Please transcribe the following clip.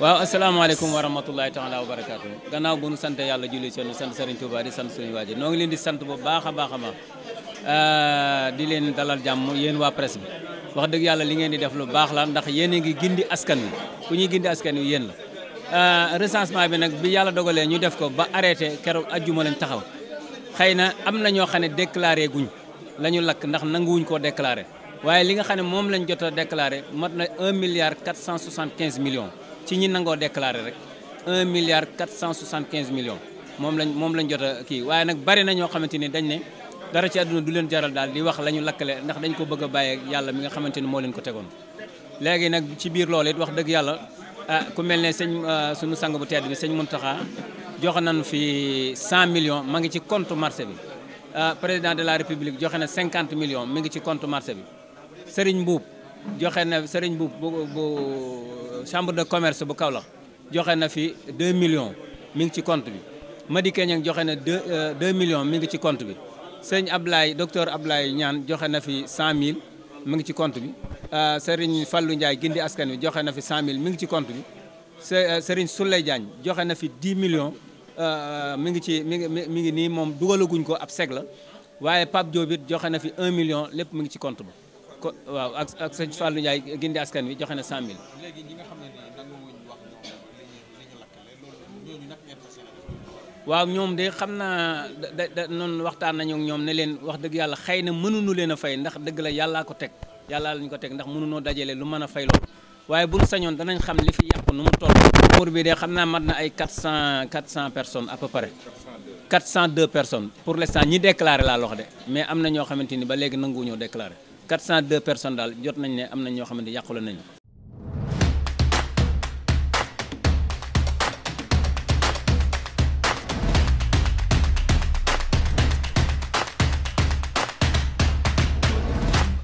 waaw asalaamaaleykum wa rahmatullahi taala wa barakaatu gannaaw bu nu sant yàlla julli seen sant Serigne Touba di sant suñu waajur noo ngi leen di sant bu a baax a baax di leen dalal jàmm yéen waa presse bi wax dëgg yàlla li ngeen di def lu baax la ndax yéen a ngi gindi askan wi ku ñuy gindi askan wi yéen la recensement bi nag bi yàlla dogalee ñu def ko ba arrêté keroog ajjuma lañ taxaw xëy na am na ñoo xam ne déclaré guñ la ñu lakk ndax nanguwuñ koo déclaré waaye li nga xam ne moom lañ jot a déclaré mat na 1 milliard 475 millions ci ñi nangoo déclaré rek 1 milliard 475 moom lañ jot a kii waaye nag bari na ñoo dañ ne dara ci àdduna du leen jaral daal di wax la lakk lakkale ndax dañ ko bëgg a bàyyee yàlla mi nga xamante ni moo leen ko tegoon. léegi nag ci biir loolu it wax dëgg yàlla ah ku mel ne sëñ ah, sunu sang bu tedd bi sëñ Mountakha joxe nañu fi 100 millions ma ngi ci compte marché bi. Ah, président de la république joxe na 50 millions mi ngi ci compte marché bi Mbuub joxe na Serigne Mbuub bu bu. chambre de commerce bu Kaolack joxe na fi 2 millions mi ngi ci compte bi Madi Keñang joxe na 2 2 euh, millions mi ngi ci compte bi sëñ Ablaye docteur Ablaye Ñaan joxe na fi 100000 mu ngi ci compte bi Serigne Fallou Ndiaye gindi askan wi joxe na fi mille mi ngi ci compte bi euh, Serigne euh, Souley Diagne joxe na fi million millions mi ngi ci mi ngi mi ngi nii moom dugalaguñ ko ab segla la waaye Pape Diop joxe na fi 1 million lépp mu ngi ci compte ba ko waaw ak ak sëñ Fallou Ndiaye gindi askan wi joxe na 100000. léegi waaw ñoom de xam naa da da noonu waxtaan nañu ñoom ne leen wax dëgg yàlla xëy na mënuñu leen a fay ndax dëgg la yàllaa ko teg yàllaa lañu ko teg ndax mënuñoo dajale lu mën a fay loolu waaye buñu sañoon danañ xam li fi yàqu nu mu toll. pour bi de xam naa mat na ay cent 400 400 personnes à peu près 402 personnes pour l'instant ñi déclaré laa loxo de mais am na ñoo xamante ni ba léegi nanguwuñoo déclaré. 402 personnes daal jot nañ ne am nañ ñoo xamante yàqule nañu